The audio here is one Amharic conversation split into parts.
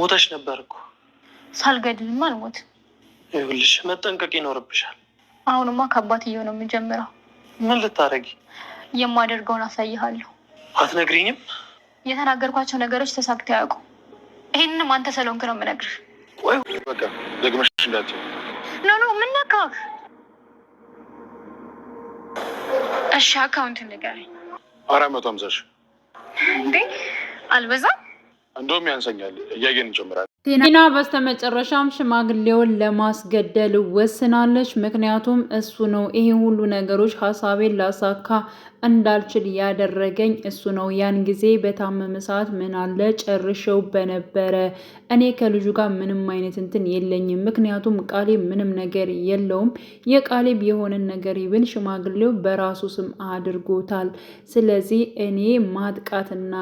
ሞተሽ ነበር እኮ። ሳልገድልም አልሞት። ይኸውልሽ መጠንቀቅ ይኖርብሻል። አሁንማ ከአባትየው ነው የምጀምረው። ምን ልታረጊ? የማደርገውን አሳይሃለሁ። አትነግሪኝም? የተናገርኳቸው ነገሮች ተሳክተው ያውቁ። ይህንንም አንተ ሰሎንክ ነው የምነግር ወይ በቃ ደግመሽ ኖ ኖ፣ እሺ አካውንት ንገረኝ። አራት መቶ ሀምሳ ሺህ እንዴ፣ አልበዛም እንደውም ያንሰኛል እያየን እንጨምራለን። ቲና በስተመጨረሻም ሽማግሌውን ለማስገደል ወስናለች። ምክንያቱም እሱ ነው ይህ ሁሉ ነገሮች ሀሳቤን ላሳካ እንዳልችል ያደረገኝ እሱ ነው። ያን ጊዜ በታመመ ሰዓት ምን አለ ጨርሸው በነበረ እኔ ከልጁ ጋር ምንም አይነት እንትን የለኝም። ምክንያቱም ቃሌብ ምንም ነገር የለውም። የቃሌብ የሆነን ነገር ይብን ሽማግሌው በራሱ ስም አድርጎታል። ስለዚህ እኔ ማጥቃትና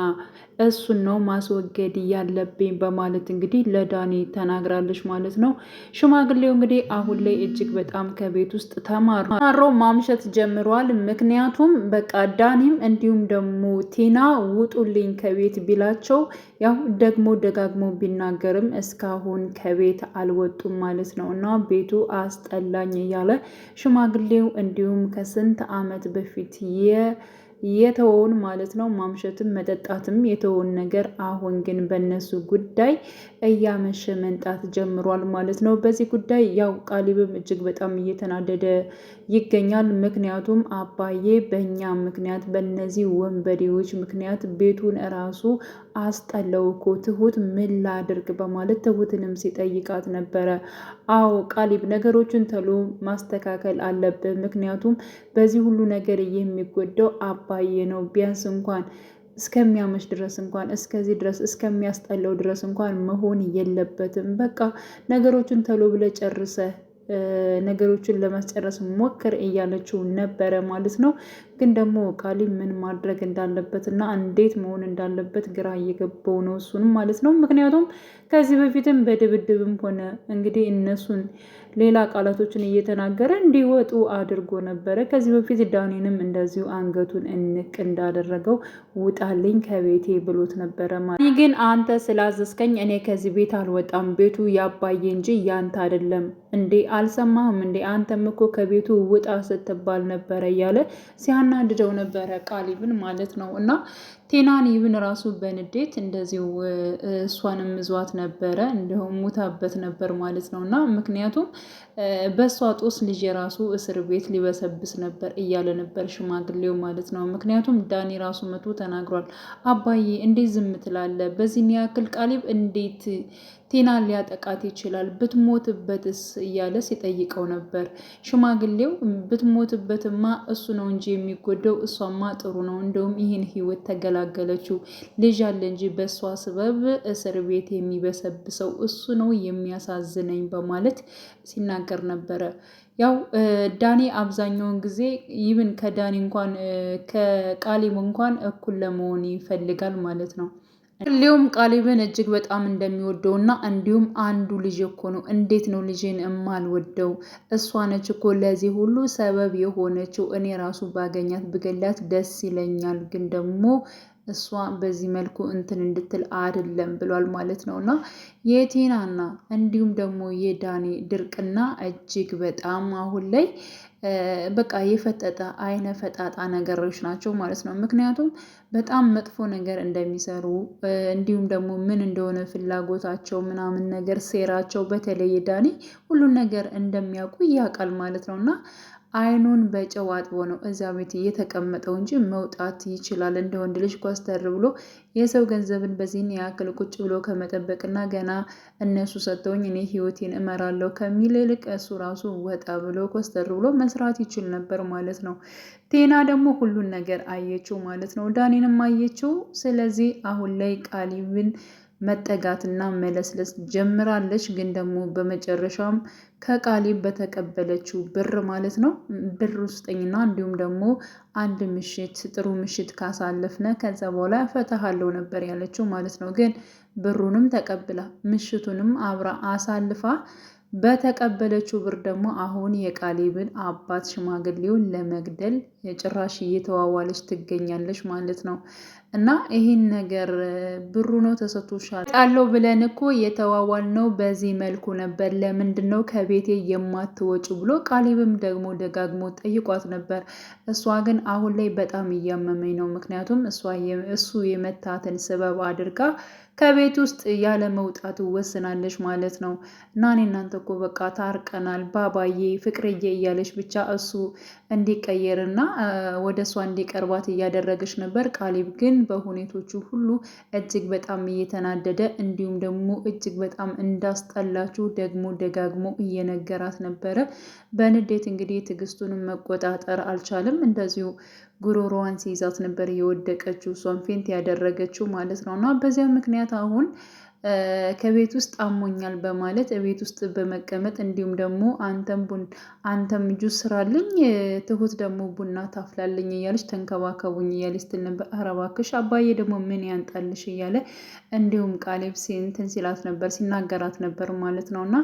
እሱን ነው ማስወገድ ያለብኝ በማለት እንግዲህ ለዳኒ ተናግራለች ማለት ነው። ሽማግሌው እንግዲህ አሁን ላይ እጅግ በጣም ከቤት ውስጥ ተማሮ ማምሸት ጀምሯል። ምክንያቱም በቃ ዳኒም እንዲሁም ደግሞ ቴና ውጡልኝ ከቤት ቢላቸው ያው ደግሞ ደጋግሞ ቢናገርም እስካሁን ከቤት አልወጡም ማለት ነው እና ቤቱ አስጠላኝ እያለ ሽማግሌው እንዲሁም ከስንት ዓመት በፊት የ የተወውን ማለት ነው። ማምሸትም መጠጣትም የተወውን ነገር አሁን ግን በእነሱ ጉዳይ እያመሸ መንጣት ጀምሯል ማለት ነው። በዚህ ጉዳይ ያው ቃሊብም እጅግ በጣም እየተናደደ ይገኛል። ምክንያቱም አባዬ በእኛ ምክንያት በእነዚህ ወንበዴዎች ምክንያት ቤቱን እራሱ አስጠለው እኮ ትሁት ምን ላድርግ በማለት ትሁትንም ሲጠይቃት ነበረ። አዎ ቃሊብ ነገሮችን ተሎ ማስተካከል አለብህ። ምክንያቱም በዚህ ሁሉ ነገር የሚጎዳው አባዬ ነው ቢያንስ እንኳን እስከሚያመሽ ድረስ እንኳን እስከዚህ ድረስ እስከሚያስጠላው ድረስ እንኳን መሆን የለበትም። በቃ ነገሮችን ተሎ ብለ ጨርሰ ነገሮችን ለማስጨረስ ሞክር እያለችው ነበረ ማለት ነው። ግን ደግሞ ቃሊ ምን ማድረግ እንዳለበት እና እንዴት መሆን እንዳለበት ግራ እየገባው ነው እሱንም ማለት ነው። ምክንያቱም ከዚህ በፊትም በድብድብም ሆነ እንግዲህ እነሱን ሌላ ቃላቶችን እየተናገረ እንዲወጡ አድርጎ ነበረ። ከዚህ በፊት ዳኔንም እንደዚሁ አንገቱን እንቅ እንዳደረገው ውጣልኝ ከቤቴ ብሎት ነበረ። ማለት ግን አንተ ስላዘዝከኝ እኔ ከዚህ ቤት አልወጣም፣ ቤቱ ያባዬ እንጂ ያንተ አይደለም እንዴ አልሰማህም እንዴ አንተም እኮ ከቤቱ ውጣ ስትባል ነበረ እያለ ሲያናድደው ነበረ ቃሊብን ማለት ነው። እና ይብን ራሱ በንዴት እንደዚሁ እሷንም እዟት ነበረ እንዲሁም ሙታበት ነበር ማለት ነው። እና ምክንያቱም በእሷ ጦስ ልጅ የራሱ እስር ቤት ሊበሰብስ ነበር እያለ ነበር ሽማግሌው ማለት ነው። ምክንያቱም ዳኒ ራሱ መቶ ተናግሯል። አባዬ እንዴት ዝም ትላለ? በዚህን ያክል ቃሊብ እንዴት ቴና ሊያጠቃት ይችላል ብትሞትበትስ እያለ ሲጠይቀው ነበር። ሽማግሌው ብትሞትበትማ እሱ ነው እንጂ የሚጎደው እሷማ ጥሩ ነው፣ እንደውም ይህን ህይወት ተገላገለችው። ልጅ አለ እንጂ በእሷ ስበብ እስር ቤት የሚበሰብሰው እሱ ነው የሚያሳዝነኝ በማለት ሲናገር ነበረ። ያው ዳኔ አብዛኛውን ጊዜ ይብን ከዳኔ እንኳን ከቃሊም እንኳን እኩል ለመሆን ይፈልጋል ማለት ነው። ሊዮም ቃሊብን እጅግ በጣም እንደሚወደውና እንዲሁም አንዱ ልጅ እኮ ነው፣ እንዴት ነው ልጅን እማልወደው? እሷ ነች እኮ ለዚህ ሁሉ ሰበብ የሆነችው። እኔ ራሱ ባገኛት ብገላት ደስ ይለኛል፣ ግን ደግሞ እሷ በዚህ መልኩ እንትን እንድትል አይደለም ብሏል ማለት ነው። እና የቴናና እንዲሁም ደግሞ የዳኔ ድርቅና እጅግ በጣም አሁን ላይ በቃ የፈጠጠ አይነ ፈጣጣ ነገሮች ናቸው ማለት ነው። ምክንያቱም በጣም መጥፎ ነገር እንደሚሰሩ እንዲሁም ደግሞ ምን እንደሆነ ፍላጎታቸው ምናምን ነገር ሴራቸው፣ በተለይ ዳኒ ሁሉን ነገር እንደሚያውቁ ያውቃል ማለት ነው እና አይኑን በጨው አጥቦ ነው እዛ ቤት እየተቀመጠው እንጂ መውጣት ይችላል። እንደ ወንድ ልጅ ኮስተር ብሎ የሰው ገንዘብን በዚህን ያክል ቁጭ ብሎ ከመጠበቅና ገና እነሱ ሰጥተውኝ እኔ ህይወቴን እመራለሁ ከሚል ይልቅ እሱ ራሱ ወጣ ብሎ ኮስተር ብሎ መስራት ይችል ነበር ማለት ነው። ቴና ደግሞ ሁሉን ነገር አየችው ማለት ነው። ዳኔንም አየችው። ስለዚህ አሁን ላይ ቃሊብን መጠጋትና መለስለስ ጀምራለች። ግን ደግሞ በመጨረሻም ከቃሊብ በተቀበለችው ብር ማለት ነው ብር ውስጠኝና እንዲሁም ደግሞ አንድ ምሽት ጥሩ ምሽት ካሳለፍነ ከዛ በኋላ ፈታሃለው ነበር ያለችው ማለት ነው። ግን ብሩንም ተቀብላ ምሽቱንም አብራ አሳልፋ በተቀበለችው ብር ደግሞ አሁን የቃሊብን አባት ሽማግሌውን ለመግደል ጭራሽ እየተዋዋለች ትገኛለች ማለት ነው። እና ይህን ነገር ብሩ ነው ተሰጥቶሻል ጣለው ብለን እኮ የተዋዋል ነው በዚህ መልኩ ነበር። ለምንድን ነው ከቤቴ የማትወጭ ብሎ ቃሊብም ደግሞ ደጋግሞ ጠይቋት ነበር። እሷ ግን አሁን ላይ በጣም እያመመኝ ነው፣ ምክንያቱም እሱ የመታትን ስበብ አድርጋ ከቤት ውስጥ ያለ መውጣቱ ወስናለች ማለት ነው። እና እኔ እናንተ እኮ በቃ ታርቀናል ባባዬ ፍቅርዬ እያለች ብቻ እሱ እንዲቀየርና ወደ እሷ እንዲቀርባት እያደረገች ነበር። ቃሊብ ግን ግን በሁኔቶቹ ሁሉ እጅግ በጣም እየተናደደ እንዲሁም ደግሞ እጅግ በጣም እንዳስጠላችሁ ደግሞ ደጋግሞ እየነገራት ነበረ። በንዴት እንግዲህ ትዕግስቱንም መቆጣጠር አልቻለም። እንደዚሁ ጉሮሮዋን ሲይዛት ነበር የወደቀችው እሷን ፌንት ያደረገችው ማለት ነው እና በዚያ ምክንያት አሁን ከቤት ውስጥ አሞኛል በማለት ቤት ውስጥ በመቀመጥ እንዲሁም ደግሞ አንተም ጁስ ስራልኝ፣ ትሁት ደግሞ ቡና ታፍላልኝ እያለች ተንከባከቡኝ እያለች ስትል ኧረ እባክሽ አባዬ ደግሞ ምን ያንጣልሽ እያለ እንዲሁም ቃሌብ እንትን ሲላት ነበር ሲናገራት ነበር ማለት ነው። እና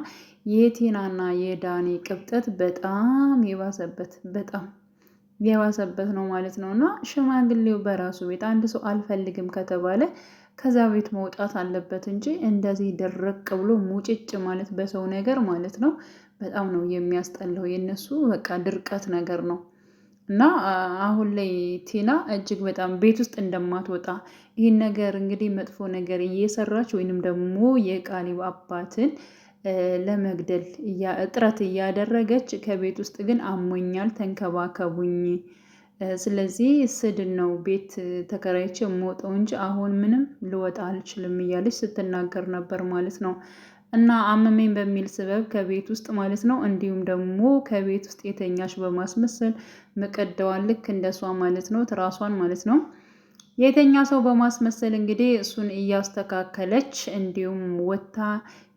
የቴናና የዳኔ ቅብጠት በጣም የባሰበት በጣም የባሰበት ነው ማለት ነው። እና ሽማግሌው በራሱ ቤት አንድ ሰው አልፈልግም ከተባለ ከዛ ቤት መውጣት አለበት እንጂ እንደዚህ ድርቅ ብሎ ሙጭጭ ማለት በሰው ነገር ማለት ነው። በጣም ነው የሚያስጠላው። የነሱ በቃ ድርቀት ነገር ነው። እና አሁን ላይ ቲና እጅግ በጣም ቤት ውስጥ እንደማትወጣ ይህን ነገር እንግዲህ መጥፎ ነገር እየሰራች ወይንም ደግሞ የቃሊብ አባትን ለመግደል ጥረት እያደረገች ከቤት ውስጥ ግን አሞኛል፣ ተንከባከቡኝ ስለዚህ ስድን ነው ቤት ተከራይቼ የምወጣው እንጂ አሁን ምንም ልወጣ አልችልም እያለች ስትናገር ነበር ማለት ነው። እና አመመኝ በሚል ስበብ ከቤት ውስጥ ማለት ነው እንዲሁም ደግሞ ከቤት ውስጥ የተኛች በማስመሰል መቀደዋን ልክ እንደሷ ማለት ነው ትራሷን ማለት ነው የተኛ ሰው በማስመሰል እንግዲህ እሱን እያስተካከለች እንዲሁም ወታ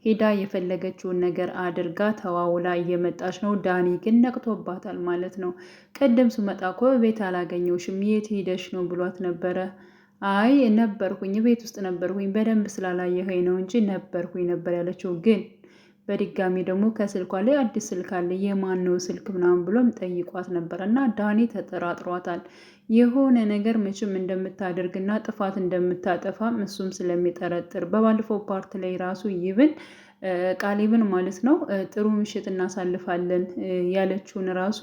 ሄዳ የፈለገችውን ነገር አድርጋ ተዋውላ እየመጣች ነው። ዳኒ ግን ነቅቶባታል ማለት ነው። ቅድም ስመጣ እኮ ቤት አላገኘሁሽም የት ሄደሽ ነው ብሏት ነበረ። አይ ነበርኩኝ፣ ቤት ውስጥ ነበርኩኝ፣ በደንብ ስላላየኸኝ ነው እንጂ ነበርኩኝ ነበር ያለችው ግን በድጋሚ ደግሞ ከስልኳ ላይ አዲስ ስልክ አለ የማን ነው ስልክ ምናምን ብሎም ጠይቋት ነበር እና ዳኒ ተጠራጥሯታል። የሆነ ነገር መቼም እንደምታደርግና ጥፋት እንደምታጠፋ እሱም ስለሚጠረጥር በባለፈው ፓርት ላይ ራሱ ይብን ቃሊብን ማለት ነው ጥሩ ምሽት እናሳልፋለን ያለችውን ራሱ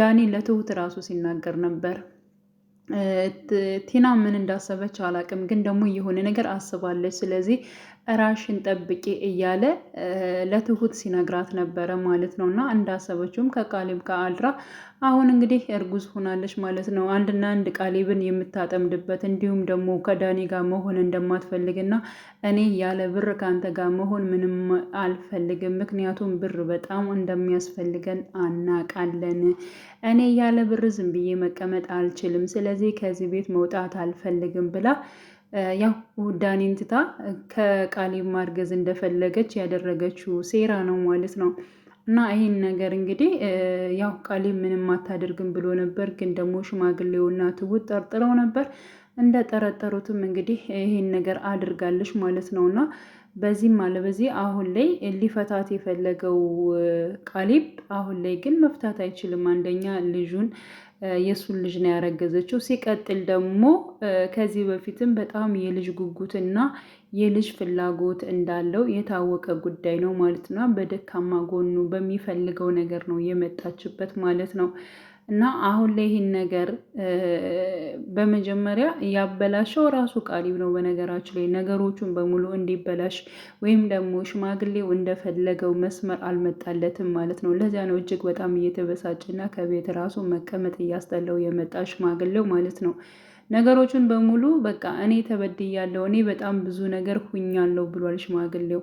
ዳኒ ለትሁት ራሱ ሲናገር ነበር። ቲና ምን እንዳሰበች አላቅም፣ ግን ደግሞ የሆነ ነገር አስባለች። ስለዚህ ራሽን ጠብቂ እያለ ለትሁት ሲነግራት ነበረ ማለት ነው። እና እንዳሰበችውም ከቃሊብ ጋር አድራ አሁን እንግዲህ እርጉዝ ሆናለች ማለት ነው። አንድና አንድ ቃሌብን የምታጠምድበት እንዲሁም ደግሞ ከዳኒ ጋር መሆን እንደማትፈልግና እኔ ያለ ብር ከአንተ ጋር መሆን ምንም አልፈልግም፣ ምክንያቱም ብር በጣም እንደሚያስፈልገን አናቃለን። እኔ ያለ ብር ዝም ብዬ መቀመጥ አልችልም፣ ስለዚህ ከዚህ ቤት መውጣት አልፈልግም ብላ ያው ውዳኔን ትታ ከቃሌብ ማርገዝ እንደፈለገች ያደረገችው ሴራ ነው ማለት ነው። እና ይህን ነገር እንግዲህ ያው ቃሊብ ምንም አታደርግም ብሎ ነበር፣ ግን ደግሞ ሽማግሌውና ትሁት ጠርጥረው ነበር። እንደ ጠረጠሩትም እንግዲህ ይህን ነገር አድርጋለች ማለት ነው እና በዚህም አለ በዚህ አሁን ላይ ሊፈታት የፈለገው ቃሊብ አሁን ላይ ግን መፍታት አይችልም። አንደኛ ልጁን የእሱን ልጅ ነው ያረገዘችው። ሲቀጥል ደግሞ ከዚህ በፊትም በጣም የልጅ ጉጉትና የልጅ ፍላጎት እንዳለው የታወቀ ጉዳይ ነው ማለት ነው። በደካማ ጎኑ በሚፈልገው ነገር ነው የመጣችበት ማለት ነው። እና አሁን ላይ ይህን ነገር በመጀመሪያ ያበላሸው ራሱ ቃሊብ ነው። በነገራችን ላይ ነገሮቹን በሙሉ እንዲበላሽ ወይም ደግሞ ሽማግሌው እንደፈለገው መስመር አልመጣለትም ማለት ነው። ለዚያ ነው እጅግ በጣም እየተበሳጭና ከቤት ራሱ መቀመጥ እያስጠላው የመጣ ሽማግሌው ማለት ነው። ነገሮቹን በሙሉ በቃ እኔ ተበድያለሁ፣ እኔ በጣም ብዙ ነገር ሁኛለሁ ብሏል ሽማግሌው።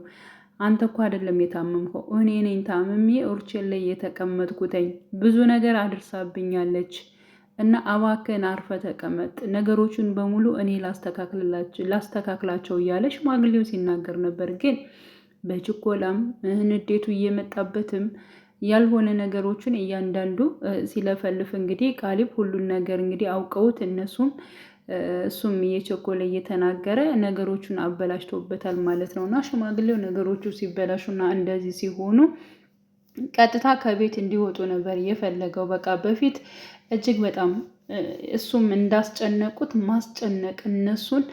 አንተ እኮ አይደለም የታመምከው እኔ ነኝ ታምሜ ኦርቼል ላይ የተቀመጥኩተኝ። ብዙ ነገር አድርሳብኛለች እና አባክን አርፈ ተቀመጥ፣ ነገሮቹን በሙሉ እኔ ላስተካክላቸው እያለ ሽማግሌው ሲናገር ነበር። ግን በችኮላም ንዴቱ እየመጣበትም ያልሆነ ነገሮችን እያንዳንዱ ሲለፈልፍ እንግዲህ ቃሊብ ሁሉን ነገር እንግዲህ አውቀውት እነሱም እሱም እየቸኮለ እየተናገረ ነገሮቹን አበላሽቶበታል ማለት ነው። እና ሽማግሌው ነገሮቹ ሲበላሹና እንደዚህ ሲሆኑ ቀጥታ ከቤት እንዲወጡ ነበር የፈለገው። በቃ በፊት እጅግ በጣም እሱም እንዳስጨነቁት ማስጨነቅ እነሱን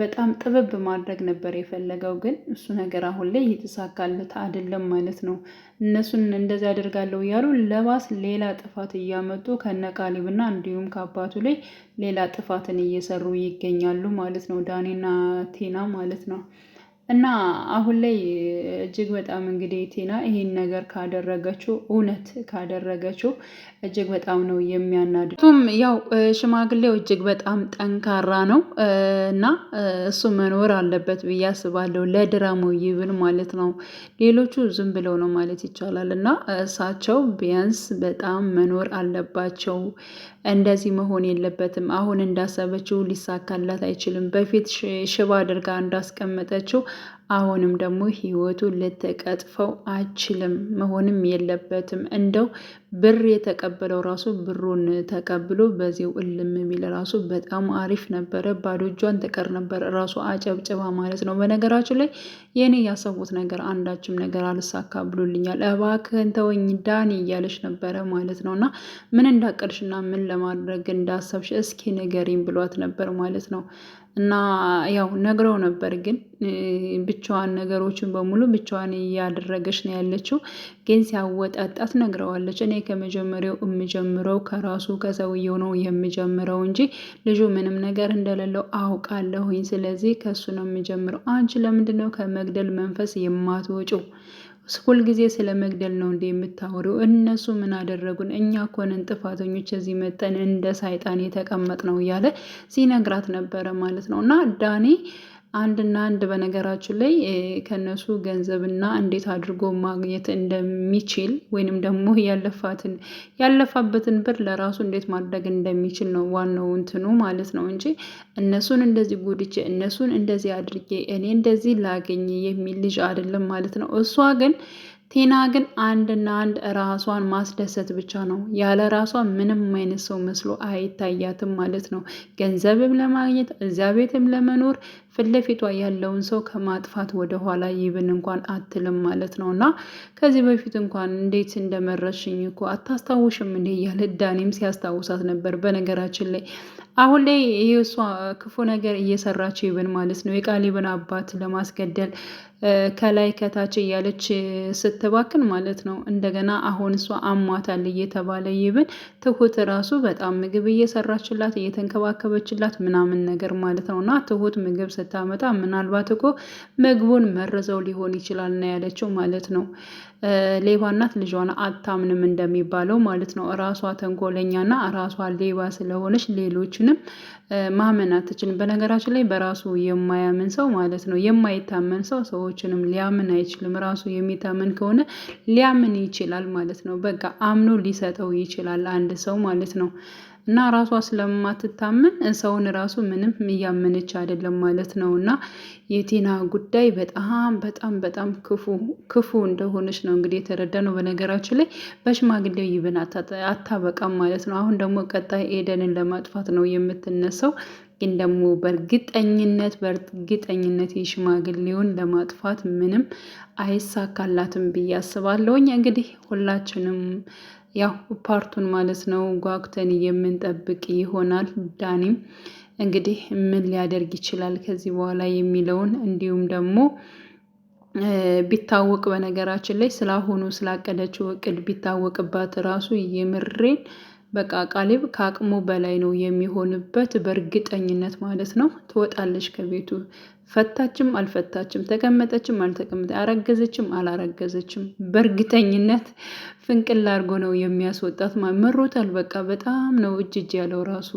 በጣም ጥበብ ማድረግ ነበር የፈለገው። ግን እሱ ነገር አሁን ላይ እየተሳካለት አይደለም ማለት ነው። እነሱን እንደዚህ አደርጋለሁ እያሉ ለባስ ሌላ ጥፋት እያመጡ ከነቃሊብና እንዲሁም ከአባቱ ላይ ሌላ ጥፋትን እየሰሩ ይገኛሉ ማለት ነው፣ ዳኔና ቴና ማለት ነው። እና አሁን ላይ እጅግ በጣም እንግዲህ ቲና ይህን ነገር ካደረገችው እውነት ካደረገችው እጅግ በጣም ነው የሚያናድድ። ያው ሽማግሌው እጅግ በጣም ጠንካራ ነው እና እሱ መኖር አለበት ብዬ አስባለሁ። ለድራማው ይብል ማለት ነው። ሌሎቹ ዝም ብለው ነው ማለት ይቻላል። እና እሳቸው ቢያንስ በጣም መኖር አለባቸው። እንደዚህ መሆን የለበትም። አሁን እንዳሰበችው ሊሳካላት አይችልም። በፊት ሽባ አድርጋ እንዳስቀመጠችው አሁንም ደግሞ ህይወቱ ልትቀጥፈው አችልም መሆንም የለበትም። እንደው ብር የተቀበለው ራሱ ብሩን ተቀብሎ በዚው እልም የሚል ራሱ በጣም አሪፍ ነበረ። ባዶ እጇን ትቀር ነበር ራሱ አጨብጭባ ማለት ነው። በነገራችን ላይ የኔ ያሰቡት ነገር አንዳችም ነገር አልሳካ ብሎልኛል፣ እባክህን ተወኝ ዳኒ እያለች ነበረ ማለት ነው። እና ምን እንዳቀድሽና ምን ለማድረግ እንዳሰብሽ እስኪ ንገሪኝ ብሏት ነበር ማለት ነው። እና ያው ነግረው ነበር ግን ብቻዋን ነገሮችን በሙሉ ብቻዋን እያደረገች ነው ያለችው። ግን ሲያወጣጣት ነግረዋለች። እኔ ከመጀመሪያው የምጀምረው ከራሱ ከሰውየው ነው የምጀምረው እንጂ ልጁ ምንም ነገር እንደሌለው አውቃለሁኝ። ስለዚህ ከሱ ነው የምጀምረው። አንቺ ለምንድን ነው ከመግደል መንፈስ የማትወጪው? ሁልጊዜ ስለ መግደል ነው እንደ የምታወሪው? እነሱ ምን አደረጉን? እኛ እኮ ነን ጥፋተኞች እዚህ መጠን እንደ ሳይጣን የተቀመጥ ነው እያለ ሲነግራት ነበረ ማለት ነው እና ዳኔ አንድና አንድ በነገራችን ላይ ከነሱ ገንዘብና እንዴት አድርጎ ማግኘት እንደሚችል ወይንም ደግሞ ያለፋትን ያለፋበትን ብር ለራሱ እንዴት ማድረግ እንደሚችል ነው ዋናው እንትኑ ማለት ነው እንጂ እነሱን እንደዚህ ጉድቼ እነሱን እንደዚህ አድርጌ እኔ እንደዚህ ላገኝ የሚል ልጅ አይደለም ማለት ነው። እሷ ግን ቴና ግን አንድና አንድ ራሷን ማስደሰት ብቻ ነው። ያለ ራሷ ምንም አይነት ሰው መስሎ አይታያትም ማለት ነው። ገንዘብም ለማግኘት እዚያ ቤትም ለመኖር ፊት ለፊቷ ያለውን ሰው ከማጥፋት ወደኋላ ይብን እንኳን አትልም ማለት ነው። እና ከዚህ በፊት እንኳን እንዴት እንደመረሽኝ እኮ አታስታውሽም እንዴ እያለ ዳኔም ሲያስታውሳት ነበር። በነገራችን ላይ አሁን ላይ ይህ እሷ ክፉ ነገር እየሰራች ይብን ማለት ነው የቃሊብን አባት ለማስገደል ከላይ ከታች እያለች ስትባክን ማለት ነው። እንደገና አሁን እሷ አሟታል እየተባለ ይብን ትሁት ራሱ በጣም ምግብ እየሰራችላት እየተንከባከበችላት ምናምን ነገር ማለት ነው። እና ትሁት ምግብ ስታመጣ ምናልባት እኮ ምግቡን መርዘው ሊሆን ይችላል ና ያለችው ማለት ነው። ሌባ እናት ልጇን አታምንም እንደሚባለው ማለት ነው። ተንኮለኛ ተንኮለኛና ራሷ ሌባ ስለሆነች ሌሎችንም ማመን አትችልም። በነገራችን ላይ በራሱ የማያምን ሰው ማለት ነው የማይታመን ሰው ሰው ሰዎችንም ሊያምን አይችልም። ራሱ የሚታመን ከሆነ ሊያምን ይችላል ማለት ነው። በቃ አምኖ ሊሰጠው ይችላል አንድ ሰው ማለት ነው። እና ራሷ ስለማትታመን ሰውን ራሱ ምንም እያመነች አይደለም ማለት ነው። እና የቴና ጉዳይ በጣም በጣም በጣም ክፉ ክፉ እንደሆነች ነው እንግዲህ የተረዳ ነው። በነገራችን ላይ በሽማግሌው ይብን አታበቃም ማለት ነው። አሁን ደግሞ ቀጣይ ኤደንን ለማጥፋት ነው የምትነሳው። ግን ደግሞ በእርግጠኝነት በእርግጠኝነት የሽማግሌውን ለማጥፋት ምንም አይሳካላትም ብዬ አስባለሁኝ። እንግዲህ ሁላችንም ያው ፓርቱን ማለት ነው ጓጉተን የምንጠብቅ ይሆናል። ዳኒም እንግዲህ ምን ሊያደርግ ይችላል ከዚህ በኋላ የሚለውን እንዲሁም ደግሞ ቢታወቅ በነገራችን ላይ ስላሁኑ ስላቀደችው እቅድ ቢታወቅባት ራሱ የምሬን በቃ ቃሌብ ከአቅሙ በላይ ነው የሚሆንበት በእርግጠኝነት ማለት ነው። ትወጣለች ከቤቱ ፈታችም አልፈታችም፣ ተቀመጠችም አልተቀመጠ፣ አረገዘችም አላረገዘችም በእርግጠኝነት ፍንቅል አድርጎ ነው የሚያስወጣት። መሮታል። በቃ በጣም ነው እጅ እጅ ያለው ራሱ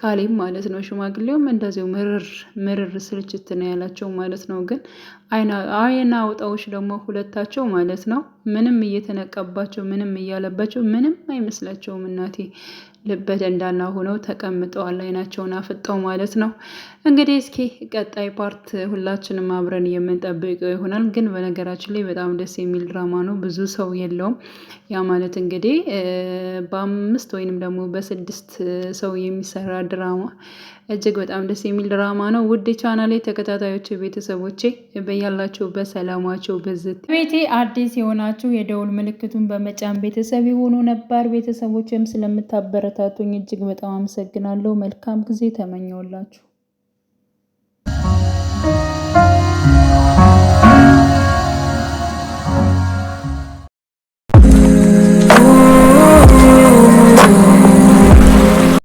ቃሌም ማለት ነው። ሽማግሌውም እንደዚው ምርር ምርር ስልችት ነው ያላቸው ማለት ነው። ግን አይና አውጣዎች ደግሞ ሁለታቸው ማለት ነው። ምንም እየተነቀባቸው ምንም እያለባቸው ምንም አይመስላቸውም እናቴ በደንዳና ሆነው ተቀምጠዋል። አይናቸውን አፍጠው ማለት ነው። እንግዲህ እስኪ ቀጣይ ፓርት ሁላችንም አብረን የምንጠብቀው ይሆናል። ግን በነገራችን ላይ በጣም ደስ የሚል ድራማ ነው። ብዙ ሰው የለውም። ያ ማለት እንግዲህ በአምስት ወይንም ደግሞ በስድስት ሰው የሚሰራ ድራማ እጅግ በጣም ደስ የሚል ድራማ ነው። ውድ ቻናሌ ተከታታዮች ቤተሰቦቼ በያላቸው በሰላማቸው ብዝት ቤቴ አዲስ የሆናችሁ የደውል ምልክቱን በመጫን ቤተሰብ የሆኑ ነባር ቤተሰቦችም ስለምታበረ ስለምታበረታቱኝ እጅግ በጣም አመሰግናለሁ። መልካም ጊዜ ተመኘውላችሁ።